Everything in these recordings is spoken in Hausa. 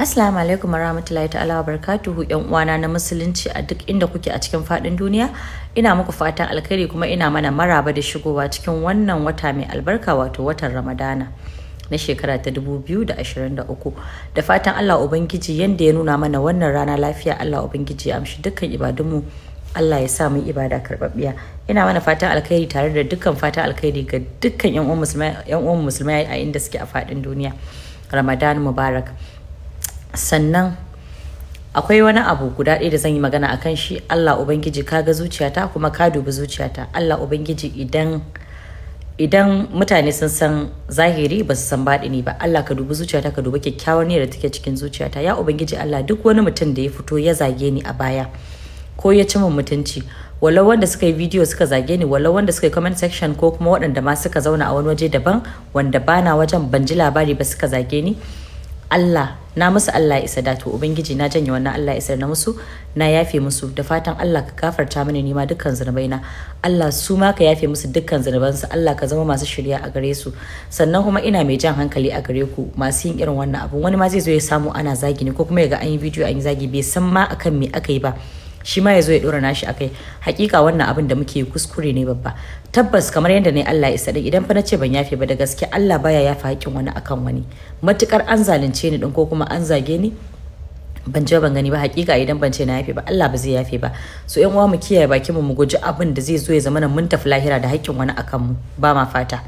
Assalamu alaikum warahmatullahi ta'ala wa barakatuhu yan uwana na musulunci a duk inda kuke a cikin fadin duniya ina muku fatan alkhairi kuma ina mana maraba da shigowa cikin wannan wata mai albarka wato watan Ramadana na shekara ta 2023 da fatan Allah ubangiji yanda ya nuna mana wannan rana lafiya Allah ubangiji ya amshi dukkan ibadunmu Allah ya sa mu ibada karbabbiya ina mana fatan alkhairi tare da dukkan fatan alkhairi ga dukkan yan uwan musulmai a inda suke a fadin duniya Ramadan Mubarak sannan akwai wani abu guda ɗaya da zan yi magana akan shi allah ubangiji ka ga zuciyata kuma ka dubi zuciyata allah ubangiji idan mutane sun san zahiri ba su san ne ba allah ka dubi zuciyata ka dubi kyakkyawar ne da take cikin zuciyata ya ubangiji allah duk wani mutum da ya fito ya zage ni a baya ko ya ci min mutunci walau wanda suka yi bidiyo suka zage ni walau wanda suka yi comment section ko kuma waɗanda ma suka zauna a wani waje daban wanda bana wajen ban ji labari ba suka zage ni Allah na musu Allah ya isa da ubangiji na janye wannan Allah ya isar na musu na yafe musu da fatan Allah ka gafarta mini nima dukkan na, Allah su ma ka yafe musu dukkan zunubansu Allah ka zama masu shirya a gare su sannan kuma ina mai jan hankali a gare ku masu yin irin wannan abu wani ma zai zo ya samu ana zagi ne ko kuma ya ga an yi bidiyo an yi zagi bai san ma akan me aka yi ba shi ma ya zo ya dora nashi akai hakika wannan abin da muke kuskure ne babba tabbas kamar yadda ne Allah isa din idan fa na ce ban yafe ba da gaske Allah baya yafa hakkin wani akan wani matukar an zalunce ni din ko kuma an zage ni ban je ban gani ba hakika idan ban ce na yafe ba Allah ba zai yafe ba so yan uwa mu kiyaye bakin mu mu guji abin da zai zo ya zama mun tafi lahira da hakkin wani akan mu ba ma fata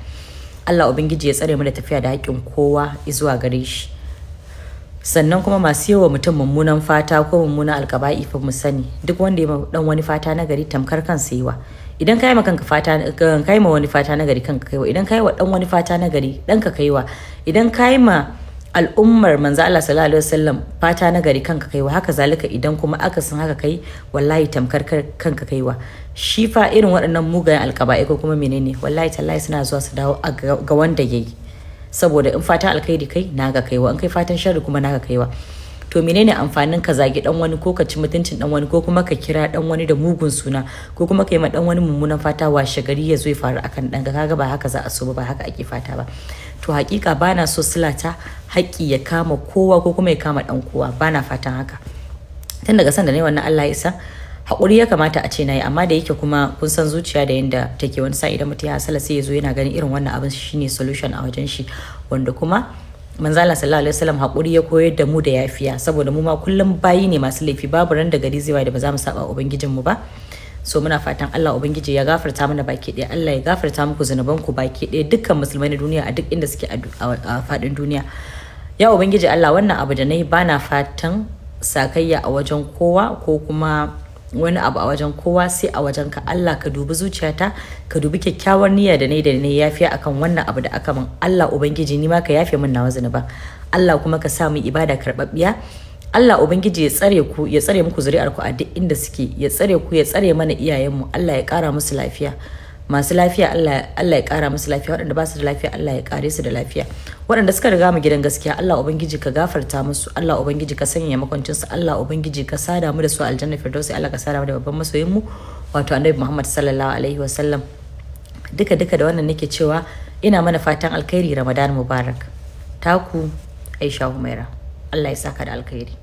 Allah ubangiji ya tsare mu da tafiya da hakkin kowa zuwa gare shi sannan kuma masu yi wa mutum mummunan fata ko mummunan alkaba'i fa mu sani duk wanda ya dan wani fata na gari tamkar kansa yiwa idan kai ma kanka fata kai ma wani fata na gari kanka kaiwa idan kai wa dan wani fata na gari ka kaiwa idan kai ma al'ummar manzo Allah sallallahu alaihi wasallam fata na gari kanka kaiwa haka zalika idan kuma aka san haka kai wallahi tamkar kanka kaiwa shi fa irin waɗannan mugayen alkaba'i ko kuma menene wallahi tallahi suna zuwa su dawo ga wanda yayi saboda in fatan alkhairi kai naga kaiwa in kai fatan sharri kuma naga kaiwa to menene amfanin ka zagi dan wani ko ka ci mutuncin dan wani ko kuma ka kira dan wani da mugun suna ko kuma ka ma dan wani mummunan fata wa shagari ya zo ya faru akan dan ga ba haka za a so ba ba haka ake fata ba to hakika bana so silata haƙƙi ya kama kowa ko kuma ya kama dan kowa bana fatan haka tun daga san da ne wannan Allah ya isa hakuri ya kamata a ce na yi amma da yake kuma kun san zuciya da yadda take wani sa idan mutum ya hasala sai ya zo yana ganin irin wannan abin shine solution a wajen shi wanda kuma manzala sallallahu alaihi wasallam haƙuri ya koyar da mu da yafiya saboda mu ma kullum bayi ne masu laifi babu ran da gari zai da ba za mu saba ubangijinmu ba so muna fatan Allah ubangiji ya gafarta mana baki ɗaya Allah ya gafarta muku zunuban ku baki ɗaya dukkan musulmai na duniya a duk inda suke a faɗin duniya ya ubangiji Allah wannan abu da nayi bana fatan sakayya a wajen kowa ko kuma wani abu a wajen kowa sai a wajen ka Allah ka dubi zuciyata ka dubi kyakkyawar niyya da ne da ne yafiya akan wannan abu da aka min Allah ubangiji ni ma ka yafe min nawa zunuba Allah kuma ka sa mu ibada karɓaɓɓiya Allah ubangiji ya tsare ku ya tsare muku zuri'ar ku a duk inda suke ya tsare ku ya tsare mana iyayen mu Allah ya kara musu lafiya masu lafiya Allah ya kara musu lafiya waɗanda ba su da lafiya Allah ya kare su da lafiya waɗanda suka riga mu gidan gaskiya Allah ubangiji ka gafarta musu Allah ubangiji ka sanya makwancin su Allah ubangiji ka sada mu da su aljanna firdausi Allah ka sada mu da babban masoyin mu wato annabi Muhammad sallallahu alaihi wa Sallam. duka duka da wannan nake cewa ina mana fatan alkhairi Ramadan Mubarak taku Aisha Humaira Allah ya saka da alkhairi